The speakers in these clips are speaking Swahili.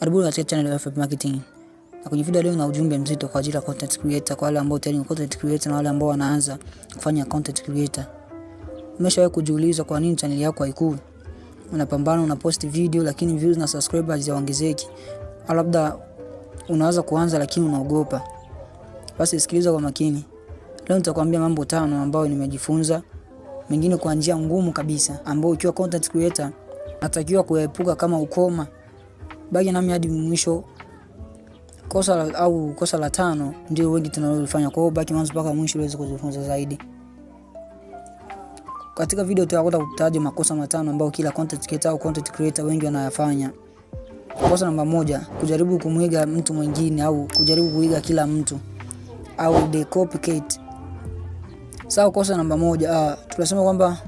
Karibuni katika channel ya Affiliate Marketing. Na kwenye video leo na ujumbe mzito kwa ajili ya content creator, kwa wale ambao tayari ni content creator na wale ambao wanaanza kufanya content creator. Umeshawahi kujiuliza kwa nini channel yako haikui? Unapambana, una post video lakini views na subscribers hazijaongezeki. Au labda unaanza kuanza lakini unaogopa. Basi sikiliza kwa makini. Leo nitakwambia mambo tano ambayo nimejifunza, mengine kwa njia ngumu kabisa, ambayo ukiwa content creator natakiwa kuyaepuka kama ukoma baki nami hadi mwisho. Kosa la, au kosa la tano ndio wengi tunalofanya, kwa hiyo baki mwanzo mpaka mwisho uweze kujifunza zaidi. Katika video tutakwenda kutaja makosa matano ambayo kila content creator au content creator wengi wanayafanya. Kosa namba moja, kujaribu kumwiga mtu mwingine au kujaribu kuiga kila mtu au they copycate Sawa, kosa namba moja, ah, tunasema kwamba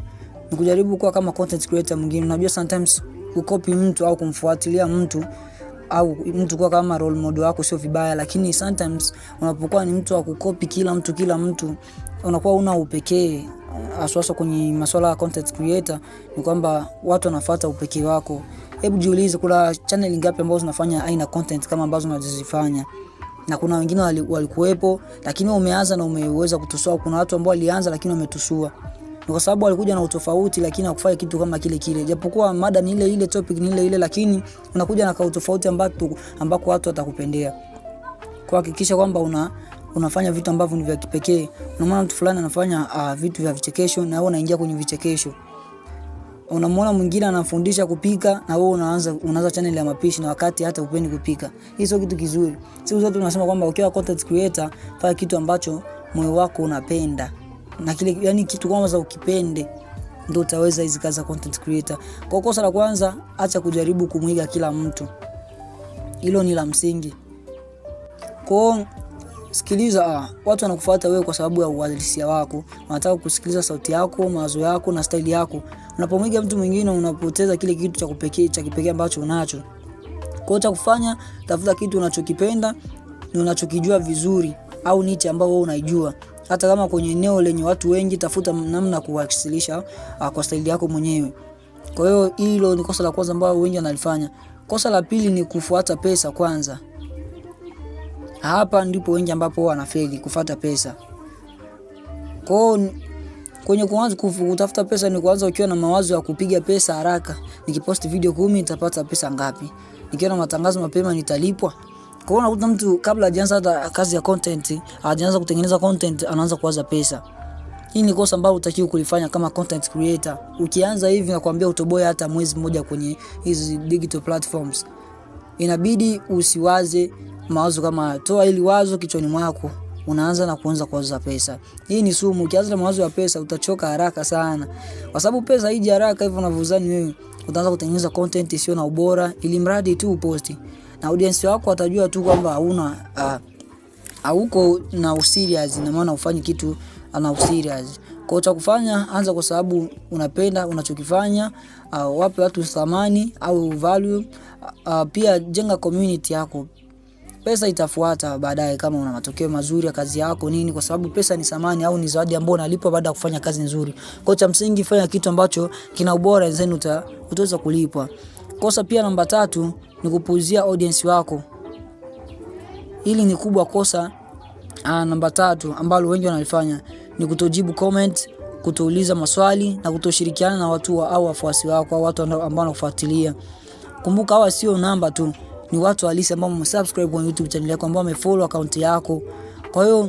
ni kujaribu kuwa kama content creator mwingine. Unajua sometimes kukopi mtu au kumfuatilia mtu au mtu kuwa kama role model wako sio vibaya lakini sometimes unapokuwa ni mtu wa kukopi kila mtu kila mtu unakuwa una upekee haswasa kwenye masuala ya content creator ni kwamba watu wanafuata upekee wako hebu jiulize kuna channel ngapi ambazo zinafanya aina content kama ambazo unazifanya? na kuna wengine walikuwepo lakini umeanza na umeweza kutusua kuna watu ambao walianza lakini wametusua ni kwa sababu alikuja na utofauti, lakini hakufanya kitu kama kile kile, japokuwa mada ni ile ile, topic ni ile ile, lakini unakuja na kautofauti ambako ambako watu watakupendea, kuhakikisha kwamba una unafanya vitu ambavyo ni vya kipekee. Na maana mtu fulani anafanya uh, vitu vya vichekesho na wewe unaingia kwenye vichekesho. Unamwona mwingine anafundisha kupika na wewe unaanza unaanza channel ya mapishi na wakati hata upendi kupika. Hii sio kitu kizuri. Sisi zote tunasema kwamba ukiwa content creator, fanya kitu ambacho moyo wako unapenda na kile yani kitu kwanza ukipende ndo utaweza hizi kazi za content creator. Kwa kosa la kwanza, acha kujaribu kumwiga kila mtu, hilo ni la msingi. Kwa sikiliza, ah, watu wanakufuata wewe kwa sababu ya uhalisia wako, wanataka kusikiliza sauti yako, mawazo yako na staili yako. Unapomwiga mtu mwingine, unapoteza kile kitu cha kipekee cha kipekee ambacho unacho. Kwa cha kufanya, tafuta kitu unachokipenda na unachokijua vizuri, au niche ambayo wewe unaijua hata kama kwenye eneo lenye watu wengi, tafuta namna kuwasilisha ah, kwa staili yako mwenyewe. Kwa hiyo hilo ni kosa la kwanza ambalo wengi wanalifanya. Kosa la pili ni kufuata pesa kwanza. Hapa ndipo wengi ambapo wanafeli kufuata pesa. Kwa kwenye kuanza kutafuta pesa ni kuanza ukiwa na mawazo ya kupiga pesa haraka. Nikiposti video kumi nitapata pesa ngapi? Nikiwa na matangazo mapema nitalipwa? Kwa hiyo unakuta mtu kabla hajaanza hata kazi ya content, hajaanza kutengeneza content, anaanza kuwaza pesa. Hii ni kosa ambalo utakiwa kulifanya kama content creator. Ukianza hivi, nakwambia utoboe hata mwezi mmoja kwenye hizi digital platforms. Inabidi usiwaze mawazo kama toa ili wazo kichwani mwako unaanza na kuanza kuwaza pesa. Hii ni sumu. Ukianza na mawazo ya pesa utachoka haraka sana, kwa sababu pesa haiji haraka hivyo unavyozani wewe. Utaanza kutengeneza content isiyo na ubora, ili mradi tu uposti na audience wako watajua tu kwamba hauna ah, hauko uh, na userious, na maana ufanyi kitu ana userious. Kwa cha kufanya, anza kwa sababu unapenda unachokifanya, uh, wape watu thamani au value uh, pia jenga community yako. Pesa itafuata baadaye kama una matokeo mazuri ya kazi yako nini, kwa sababu pesa ni samani au ni zawadi ambayo unalipwa baada ya kufanya kazi nzuri. Kwa cha msingi, fanya kitu ambacho kina ubora, zenu utaweza kulipwa. Kosa pia namba tatu ni kupuuzia audience wako. Hili ni kubwa kosa aa, ah, namba tatu ambalo wengi wanalifanya ni kutojibu comment, kutouliza maswali na kutoshirikiana na watu wa, au wafuasi wako au watu ambao wanakufuatilia. Kumbuka hawa sio namba tu, ni watu halisi ambao wamesubscribe kwenye YouTube channel yako ambao wamefollow akaunti yako. Kwa hiyo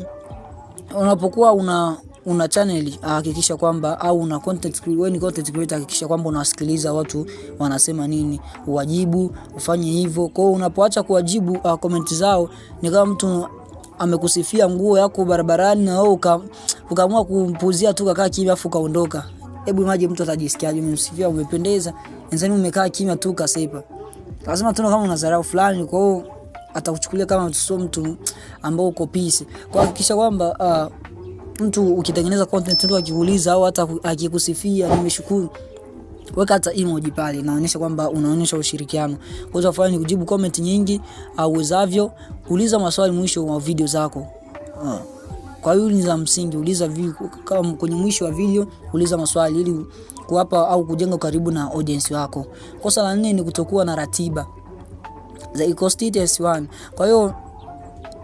unapokuwa una una channel hakikisha kwamba au una content wewe ni content creator, hakikisha kwamba unawasikiliza watu wanasema nini, uwajibu, ufanye hivyo. Kwa hiyo unapoacha kuwajibu uh, comment zao, ni kama mtu amekusifia nguo yako barabarani na wewe uka, ukaamua kumpuzia tu kakaa kimya afu kaondoka. Hebu imagine mtu atajisikiaje? Umemsifia, umependeza, nzani umekaa kimya tu kasepa. Lazima tuna kama una unadharau fulani, kwa hiyo atakuchukulia kama sio mtu ambao uko peace. Kwa hakikisha kwamba uh, mtu ukitengeneza content ndio akiuliza au hata akikusifia nimeshukuru, weka hata emoji pale, inaonyesha kwamba unaonyesha ushirikiano. Kwa hiyo afanye kujibu comment nyingi au uwezavyo, uliza maswali mwisho wa video zako. uh. Kwa hiyo ni za msingi, uliza kama kwenye mwisho wa video, uliza maswali ili kuwapa au kujenga karibu na audience wako. Kosa la nne ni kutokuwa na ratiba za consistency one. Kwa hiyo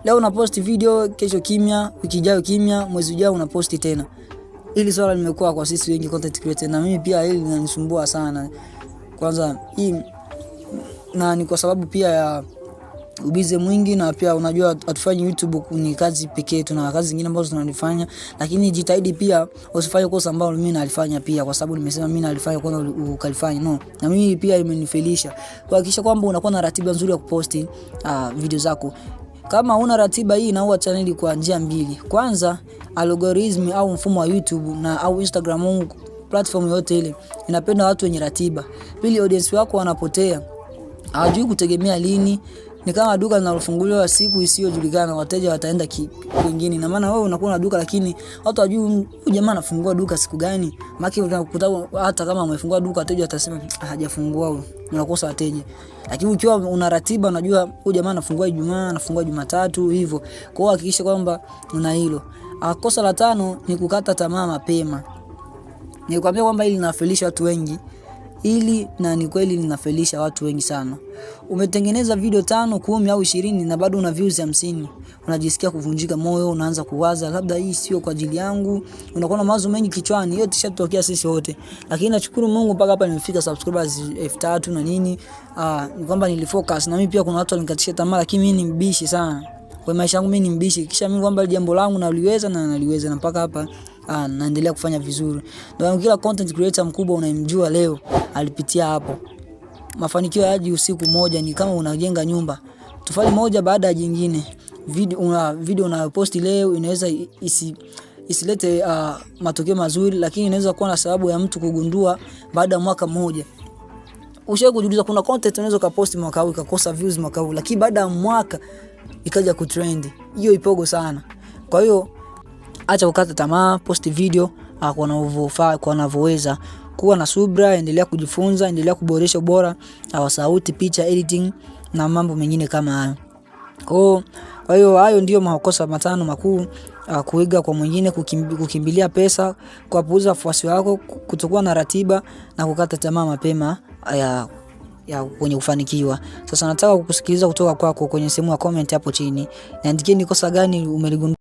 leo unaposti video, kesho kimya, wiki ijayo kimya, mwezi ujao unaposti tena. Hili swala limekuwa kwa sisi wengi content creator, na mimi pia hili linanisumbua sana. Kwanza hii na ni kwa sababu pia ya ubize mwingi na pia unajua hatufanyi YouTube ni kazi pekee, tuna kazi zingine ambazo tunalifanya, lakini jitahidi pia usifanye kosa ambalo mimi nalifanya pia, kwa sababu nimesema mimi nalifanya kwanza ukalifanya no, na mimi pia imenifelisha. Kuhakikisha kwamba unakuwa na ratiba nzuri ya kuposti uh, video zako. Kama una ratiba hii inaua chaneli kwa njia mbili. Kwanza, algorithm au mfumo wa YouTube na au Instagram au platform yote ile inapenda watu wenye ratiba. Pili, audience wako wanapotea. Hawajui kutegemea lini ni kama duka linalofunguliwa siku isiyojulikana, wateja wataenda kwingine. Ina maana wewe unakuwa na duka lakini watu hawajui huyu jamaa anafungua duka siku gani. Maki unakuta hata kama umefungua duka wateja watasema ah, hajafungua huyu, unakosa wateja. Lakini ukiwa una ratiba, unajua huyu jamaa anafungua Ijumaa, anafungua Jumatatu hivyo. Kwa hiyo hakikisha kwamba una hilo. Ah, kosa la tano ni kukata tamaa mapema. Nikwambia kwamba hili linawafilisha watu wengi ili na ni kweli linafelisha watu wengi sana. Umetengeneza video tano, kumi au ishirini na bado una views hamsini. Unajisikia kuvunjika moyo, unaanza kuwaza labda hii sio kwa ajili yangu. Unakuwa na mawazo mengi kichwani. Hiyo tushatokea sisi wote. Lakini nashukuru Mungu mpaka hapa nimefika subscribers 3000 na nini. Ah, ni kwamba nilifocus na mimi pia kuna watu walinikatisha tamaa lakini mimi ni mbishi sana. Kwa maisha yangu mimi ni mbishi. Kisha mimi kwamba jambo langu naliweza na naliweza na mpaka hapa Ah, naendelea kufanya vizuri. Ndio kila content creator mkubwa unayemjua leo alipitia hapo. Mafanikio yaji usiku moja, ni kama unajenga nyumba, Tufali moja baada ya jingine. Video una video unayoposti leo inaweza isi isilete uh, matokeo mazuri, lakini inaweza kuwa na sababu ya mtu kugundua baada ya mwaka mmoja. Ushawahi kujiuliza kuna content unaweza kupost mwaka huu ikakosa views mwaka huu, lakini baada ya mwaka ikaja kutrend? Hiyo ipogo sana. Kwa hiyo acha kukata tamaa, posti video ah, kwa unavyofaa, kwa unavyoweza. Kuwa na subra, endelea kujifunza, endelea kuboresha ubora ah, wa sauti, picha editing na mambo mengine kama hayo. Kwa kwa hiyo hayo ndio makosa matano makuu: ah, kuiga kwa mwingine, kukimbilia pesa, kuwapuuza wafuasi wako, kutokuwa na ratiba na kukata tamaa mapema ya ya kwenye kufanikiwa. Sasa nataka kukusikiliza kutoka kwako kwenye sehemu ya comment hapo chini. Niandikie ni kosa gani umeligundua.